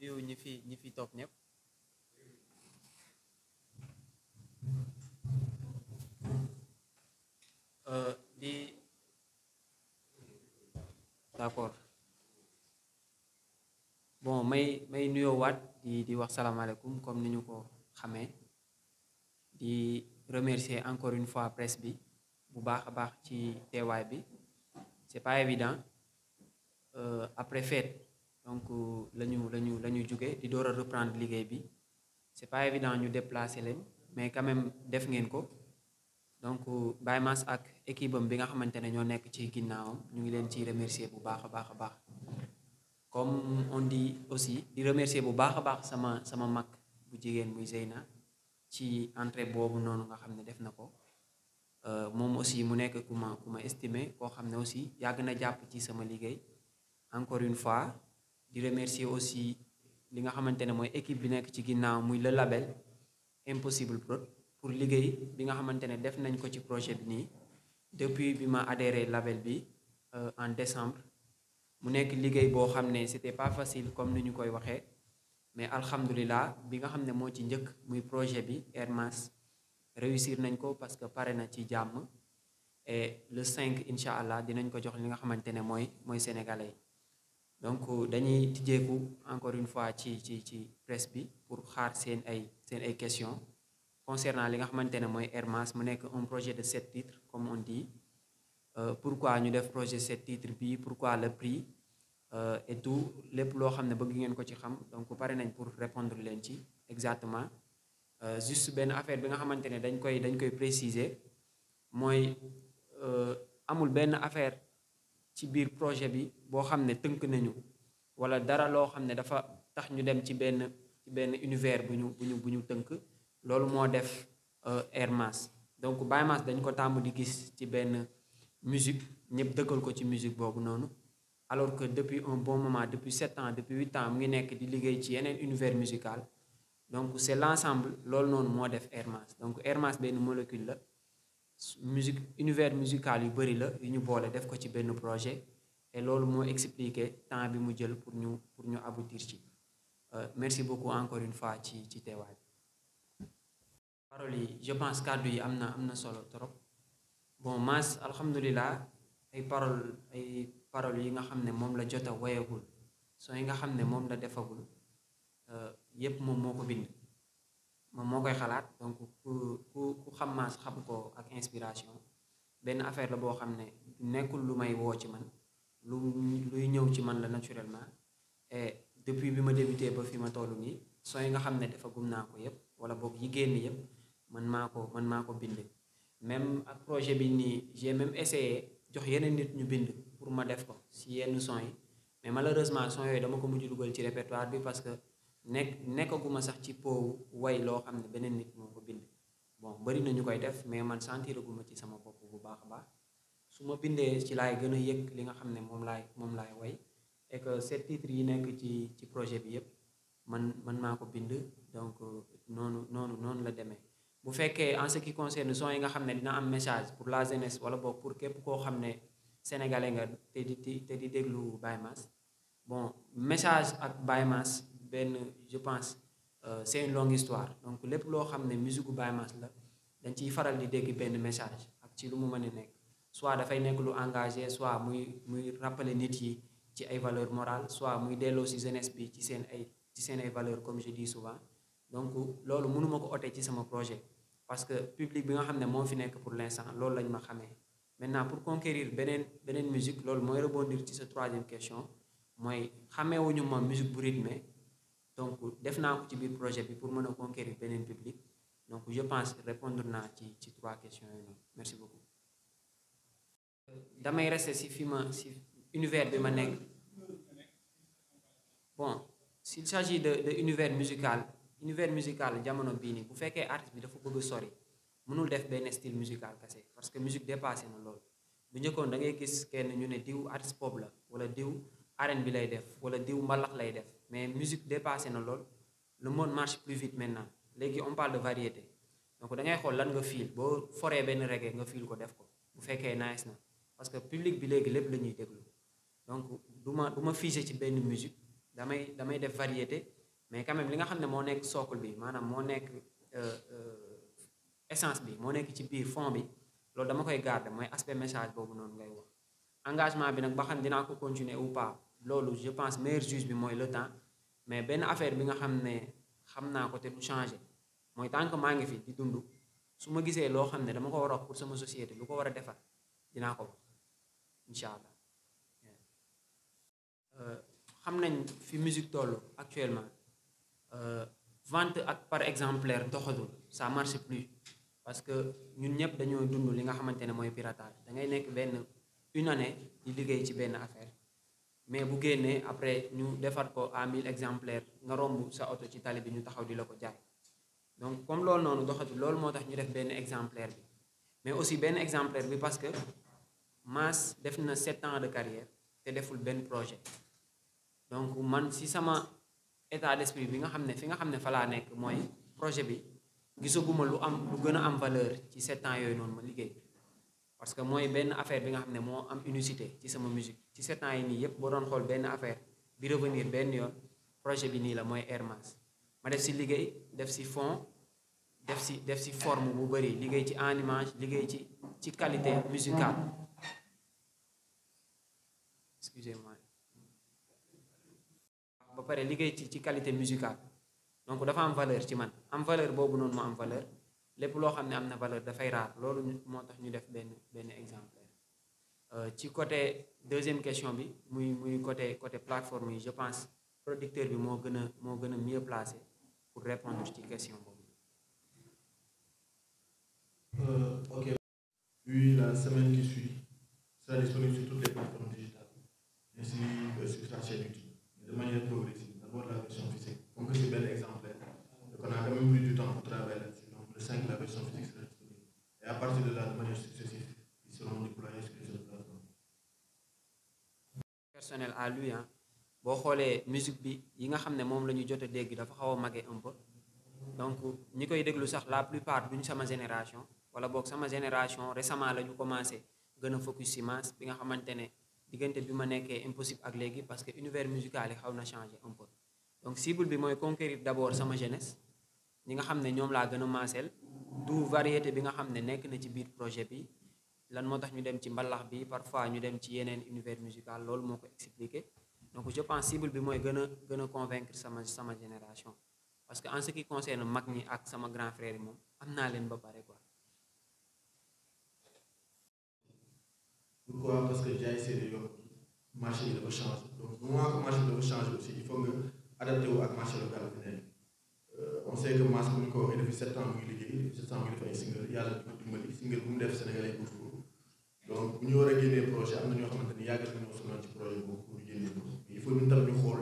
nuyu ñi fi ñi fi toog ñëpp euh, di d'accord bon may may nuyo waat di di wax salaamaaleykum comme ni ñu ko xamee di remercier encore une fois presse bi bu baax a baax ci teewaay bi c'est pas évident euh, après fête donc euh, la ñu la ñu la ñu jóge di door a reprendre liggéey bi c'est pas évident ñu déplacer leen mais quand même def ngeen ko donc euh, Baye Mass ak équipe bi nga xamante ne ñoo nekk ci ginnaawam ñu ngi leen ciy remercier bu baax a baax a baax comme on aussi di remercier bu baax a baax sama sama mag bu jigéen muy Zeyna ci entrée boobu noonu nga xam ne def na ko euh, moom aussi mu nekk ku ma ku ma estimé koo xam ne aussi yàgg na jàpp ci sama liggéey encore une fois di remercier aussi li nga xamante ne mooy équipe bi nekk ci ginnaaw muy le label Impossible Prod pour liggéey bi nga xamante ne def nañ ko ci projet bi nii depuis bi ma adhéré label bi euh, en décembre mu nekk liggéey boo xam ne c'était pas facile comme ni ñu koy waxee mais alhamdulilah bi nga xam ne moo ci njëkk muy projet bi Hermas réussir nañ ko parce que pare na ci jàmm et le cinq incha allah dinañ ko jox li nga xamante ne mooy mooy sénégalais donc dañuy tijjeeku encore une fois ci ci ci presse bi pour xaar seen ay seen ay questions concernant li nga xamante ne mooy Hermas mu nekk un projet de set titres comme on dit euh, pourquoi ñu def projet sept titres bi pourquoi le prix euh, et tout lépp loo xam ne bëgg ngeen ko ci xam donc pare nañ pour répondre leen ci exactement euh, juste benn affaire bi nga xamante ne dañ koy dañ koy préciser mooy amul benn affaire ci biir projet bi boo xam ne tënk nañu wala dara loo xam ne dafa tax ñu dem ci benn ci benn univers bu ñu bu ñu bu ñu tënk loolu moo def euh, Air Mass donc Baye Mass dañ ko tàmm di gis ci benn musique ñëpp dëkkal ko ci musique boobu noonu alors que depuis un bon moment depuis sept ans depuis huit ans mu ngi nekk di liggéey ci yeneen univers musical donc c'est l'ensemble loolu noonu moo def Air Mass donc Air Mass benn molécule la musique univers musical yu bëri la yu ñu boole def ko ci benn projet et loolu moo expliquer temps bi mu jël pour ñu pour ñu aboutir ci euh, merci beaucoup encore une fois ci ci teewaay bi parole yi je pense kàddu yi am na am na solo trop bon Mass alhamdulilah ay parole ay parole yi nga xam ne moom la jot a woyagul son yi nga xam ne moom la defagul euh, yépp moom moo ko bind moom moo koy xalaat donc ku ku ku xam maas xam ko ak inspiration benn affaire la boo xam ne nekkul lu may woo ci man lu luy ñëw ci man la naturellement et depuis bi ma débuté ba fi ma toll nii son yi nga xam ne dafa gum naa ko yëpp wala boog yi génn yëpp man maa ko man maa ko bind même ak projet bi nii j'ai même essayé jox yeneen nit ñu bind pour ma def ko si yenn son yi mais malheureusement son yooyu dama ko mujj dugal ci répertoire bi parce que nekk nekkaguma sax ci po way loo xam ne beneen nit moo ko bind bon bëri na ñu koy def mais man sentiraguma ci sama bopp bu baax a baax su ma bindee ci laay gën a yëg li nga xam ne moom laay moom laay way et que ces titres yi nekk ci ci projet bi yëpp man man maa ko bind donc noonu noonu noonu la demee. bu fekkee en ce qui concerne son yi nga xam ne dina am message pour la jeunesse wala boog pour képp koo xam ne sénégalais nga te di déglu Baye Mass bon message ak Baye benn je pense euh, c' est une longue histoire donc lépp loo xam ne musique gu Baye Mass la dañ ciy faral di dégg benn message ak ci lu mu mën nekk soit dafay nekk lu engage soit muy muy rappeler nit yi ci ay valeurs morales soit muy delloo si jeunesse bi ci seen ay ci seen ay valeurs comme je dis souvent donc loolu mënuma ko ote ci sama projet parce que public bi nga xam ne moo fi nekk pour l' instant loolu lañ ma xamee maintenant pour conquérir beneen beneen musique loolu mooy rebondir ci sa troisième question mooy xameewuñu ma musique bu rythmé donc def naa ko ci biir projet bi pour mën a conquérir beneen public donc je pense répondre naa ci ci trois questions yooyu noonu merci beaucoup. damay rester si fi ma si univers bi ma nekk bon si s'agit de de univers musical univers musical jamono bii nii bu fekkee artiste bi dafa bëgg a sori mënul def benn style musical kese parce que musique dépassé na lool bu njëkkoon da ngay gis kenn ñu ne diw artiste pop la wala diw. arène bi lay def wala diw mbalax lay def mais musique dépassé na lool le moon marche plus vite maintenant léegi on parle de variété donc dangay xool lan nga fiil boo foree benn reggae nga fiil ko def ko bu fekkee nice na parce que public bi léegi lépp la ñuy déglu donc du ma du ma figé ci benn musique damay damay def variété mais quand li nga xam ne moo nekk socle bi maanaam moo nekk euh, euh, essence bi moo nekk ci biir fond bi loolu dama koy garder mooy aspect message boobu noonu ngay wax engagement bi nag ba xam dinaa ko continuer ou pas loolu je pense meilleur juge bi mooy le temps mais benn affaire bi nga xam ne xam naa ko te du changé mooy tant que maa ngi fi di dund su ma gisee loo xam ne dama ko war a wax pour sama société lu ko war a defar dinaa ko wax incha allah. Euh, xam nañ fi musique toll actuellement euh, vente ak par exemplaire doxatul sa marché plus parce que ñun ñëpp dañoo dund li nga xamante ne mooy piratage da ngay nekk benn une année di liggéey ci benn affaire. mais bu génnee après ñu defar ko à mille exemplaires nga romb sa oto ci tali bi ñu taxaw di la ko jaay donc comme loolu noonu doxatul loolu moo tax ñu def benn exemplaire bi mais aussi benn exemplaire bi parce que Mass def na sept ans de carrière te deful benn projet donc man si sama état d'esprit bi nga xam ne fi nga xam ne fa laa nekk mooy projet bi gisaguma lu am lu gën a am valeur ci sept ans yooyu noonu ma liggéey parce que mooy benn affaire bi nga xam ne moo am unicité ci sama musique ci sept ans yi nii yëpp boo doon xool benn affaire bi revenir benn yoon projet bi nii la mooy Hermas ma def si liggéey def si fond def si def si forme bu bëri liggéey ci en image liggéey ci ci qualité musicale excusez-moi ba pare liggéey ci ci qualité musicale donc dafa am valeur ci man am valeur boobu noonu mu am valeur lépp loo xam ne am na valeur dafay raar loolu moo tax ñu def benn benn exemplaire euh, ci côté deuxième question bi muy muy côté côté plateforme yi je pense producteur bi moo gën a moo gën a mieux placé pour répondre ci question boobu. Euh, ok. Puis la semaine qui suit sera disponible personnel à lui boo xoolee musique bi yi nga xam ne moom la ñu jot a dégg dafa xaw a magee un donc ñi koy déglu sax la plupart duñu sama génération wala boog sama génération récemment la ñu commencé gën a focus si masse bi nga xamante ne diggante bi ma nekkee impossible ak léegi parce que univers musical yi xaw na changé un peu donc cible bi mooy conquérir d' sama jeunesse ñi nga xam ne ñoom laa gën a maaseel du variété bi nga xam ne nekk na ci biir projet bi lan moo tax ñu dem ci mbalax bi parfois ñu dem ci yeneen univers musical loolu moo ko expliqué donc je pense cible bi mooy gën a gën a convaincre sama sama génération parce que en ce qui concerne mag ñi ak sama grand frère yi moom am naa leen ba pare marché yi dafa changé donc dafa changé aussi il faut nga adapté wu ak marché local bi nekk euh, on sait que marché bu ñu ko waxee depuis sept ans mu ngi liggéey depuis mu def ay single yàlla di ko bu mu def Sénégalais yi ñu war a génnee projet am na ñoo xamante ni yàgg nañoo sonal ci projet boobu pour génne ko il faut ñun tam ñu xool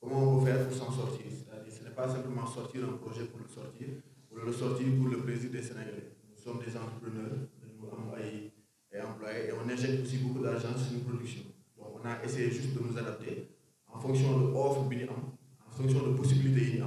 comment on peut faire sortir c'est-à-dire ce n'est pas simplement sortir un projet pour le sortir wala le sortir pour le plaisir des Sénégalais nous des entrepreneurs dañu am ay employés et on injecte aussi beaucoup d'argent sur une production donc on a essayé juste de nous adapter en fonction de offre bi ñu am en fonction de possibilités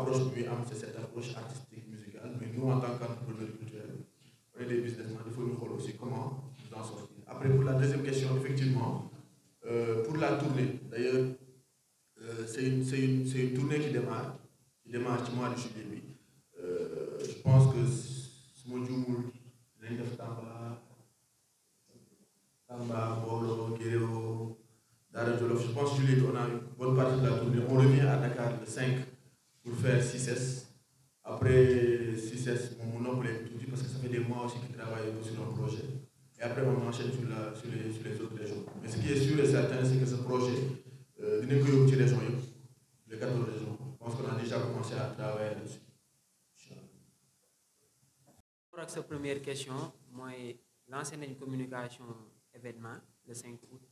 approche bi am c'est cette approche artistique musicale mais nous en tant qu'entrepreneurs culturels on est des businessmen il faut ñu xool aussi comment nous en sortir après pour la deuxième question effectivement euh, pour la tournée d'ailleurs euh, c'est une c'est une c'est une tournée ci mois de juillet bi euh, je pense que su ma juumul dinañ def Tamba Tamba Mbolo Guéréo Daara Jolof je pense juillet on a une partie de la tournée on revient à Dakar le 5 pour faire 6S. Après 6S, on monopolise tout parce que ça fait des mois aussi qu'ils travaillent sur un projet. Et après, on enchaîne sur, la, sur, les, autres régions. Mais ce qui est sûr et certain, que ce projet, euh, nous avons les régions, les 14 régions. Je pense qu'on a déjà commencé à travailler dessus. Pour sa première question, moi, lancé nañ communication événement le 5 août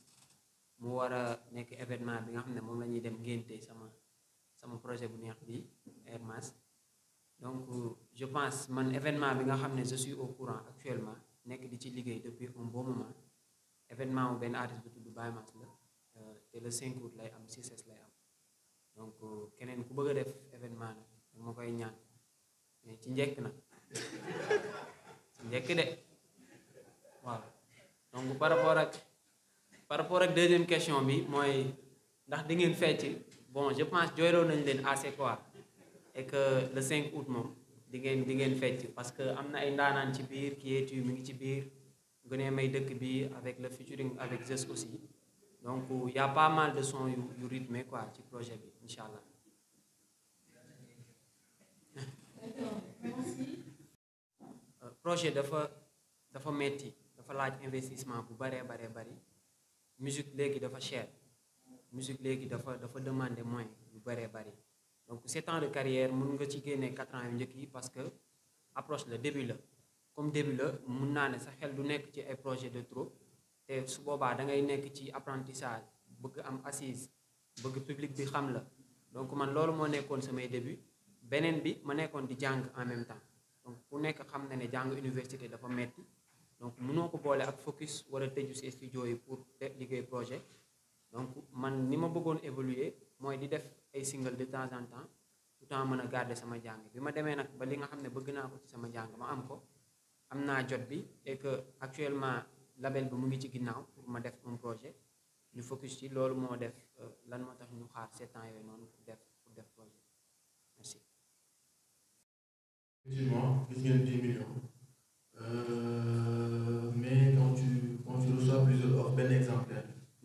mu war a nekk événement bi nga xam ne moom la ñuy dem ngénte sama sama projet bu neex bi Hermas donc je pense man événement bi nga xam ne je suis au courant actuellement nekk di ci liggéey depuis un bon moment événement bu benn artiste bu tudd Baye Mass la euh, te le cinq août lay am 6 lay am donc euh, keneen ku bëgg a def événement nag dama koy ñaan mais ci njëkk na ci njëkk de waaw donc par rapport ak par rapport ak deuxième question bi mooy ndax di ngeen fecc bon je pense jooyloo nañ leen assez quoi et que le 5 août moom di ngeen di ngeen fecc parce que am na ay ndaanaan ci biir kii yeetu mu ngi ci biir gënee may dëkk bi avec le featuring avec Zes aussi donc y a pas mal de sons yu yu rythmé quoi ci projet bi incha allah. projet dafa dafa metti dafa laaj investissement bu baree baree bari musique léegi dafa cher. musique léegi dafa dafa demander moyens yu bëree bëri donc sept ans de carrière mun nga ci génne quatre ans yu njëkk yi parce que approche la début la comme début la mun naa ne sa xel du nekk ci ay projet de trop te su boobaa da ngay nekk ci apprentissage bëgg am assise bëgg public bi xam la donc man loolu moo nekkoon samay début beneen bi ma nekkoon di jàng en même temps donc ku nekk xam na ne jàng université dafa metti donc mënoo ko boole ak focus war a tëju si studio yi projet donc man ni ma bëggoon évoluer mooy di def ay single de temps en temps tout temps mën a garder sama jàng bi ma demee nag ba li nga xam ne bëgg naa ko ci sama jàng ma am ko am naa jot bi et que actuellement label bi mu ngi ci ginnaaw pour ma def un projet ñu focus ci loolu moo def euh, lan moo tax ñu xaar sept ans yooyu noonu pour def pour def projet merci. effectivement gis ngeen 10 millions euh, mais quand tu quand tu oh, benn exemple.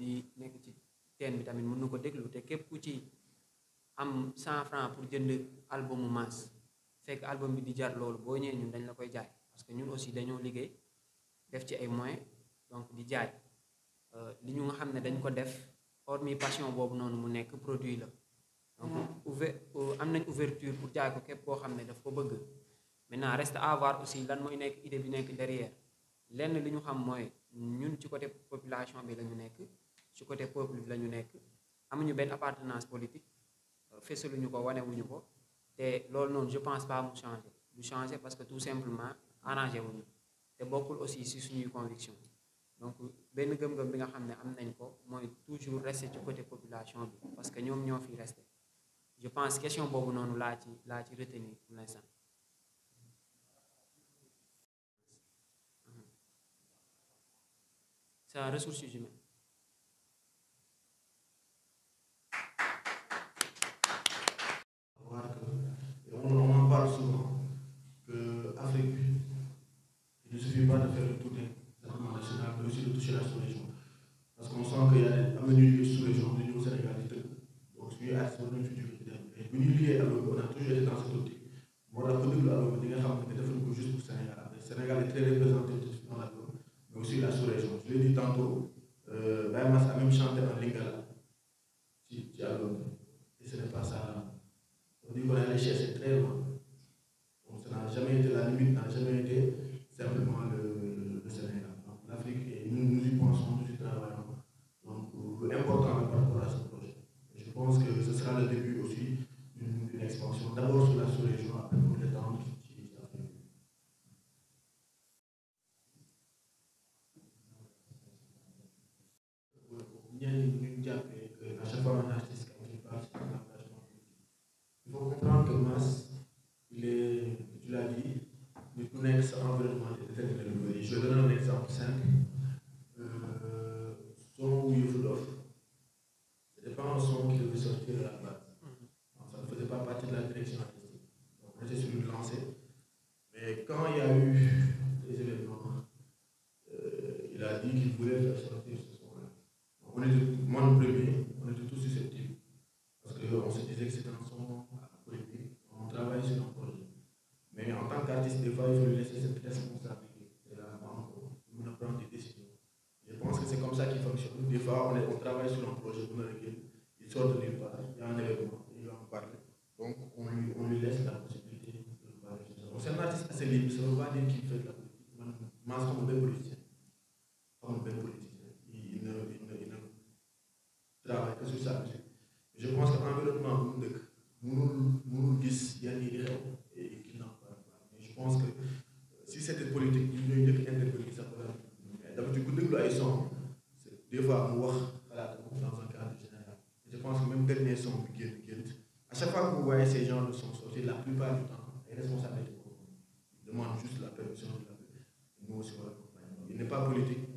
di nekk ci teen bi tamit mun na ko déglu te képp ku ci am cent franc pour jënd albumu Mass fekk album bi di jar loolu boo ñëwee ñun dañ la koy jaay parce que ñun aussi dañoo liggéey def ci ay moyens donc di jaay euh, li ñu xam ne dañ ko def hormis passion boobu noonu mu nekk produit la donc mm. euh, am nañ ouverture pour jaay képp koo xam ne daf ko bëgg maintenant reste à voir aussi lan mooy nekk idée bi nekk derrière lenn li ñu xam mooy ñun ci côté population bi la ñu nekk ci côté peuple bi la ñu nekk amuñu benn appartenance politique euh, fesaluñu ko wanewuñu ko te loolu noonu je pense pas mu changer du changé parce que tout simplement arrangé wuñu te bokkul aussi si suñuy conviction donc benn gëm-gëm bi nga xam ne am nañ ko mooy toujours rester ci côté population bi parce que ñoom ñoo fi rester je pense question boobu noonu laa ci laa ci retenir pour l'instant c'est ressources humaines o on en parle souvent que Afrique il a am nañu sous du ñëw Sénégal di tëgg donc suñuy artistes war nañu fi jóge di dem et bu ñu liggéey alors on a toujours été dans cette optique moo tax ba déglu alors di nga xam ne defuñu ko juste pour Sénégal Sénégal est très représenté dans la zone mais de la direction c'est libre, ça ne veut pas dire qu'il fait de la politique. Moi, je suis politicien. Comme un politicien. Il, ne, il, ne, travaille que sur ça. Je pense que l'environnement, nous disons qu'il y a des erreurs et qu'il n'en parle pas. Mais je pense que euh, si c'était politique, il n'y aurait intervenir ça. D'habitude, ils sont. Des fois, on dans un cadre général. Je pense que même dernier son, à chaque fois que vous voyez ces gens de sont sortis, la plupart du temps, les que ce genre-là, nous aussi, on l'accompagne.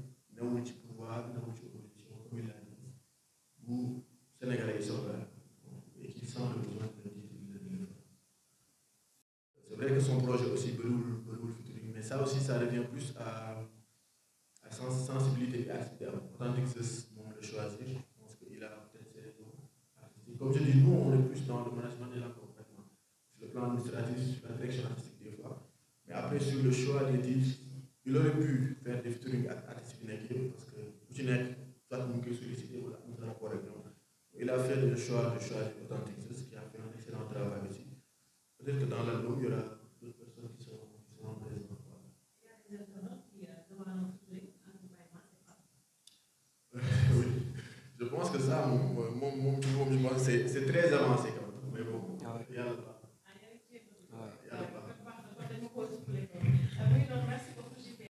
il aurait pu faire des featuring ak artistes yi nekk yëpp parce que ku ci nekk soit mu ngi koy sollicité wala am na rapport ak ñoom il a fait le choix de choisir Authentic ce qui a fait un excellent travail aussi peut-être que dans l'album il y aura d'autres personnes qui seront qui seront présentes euh, oui je pense que ça moom moom moom moom je pense c'est c'est très avancé quand même mais bon ah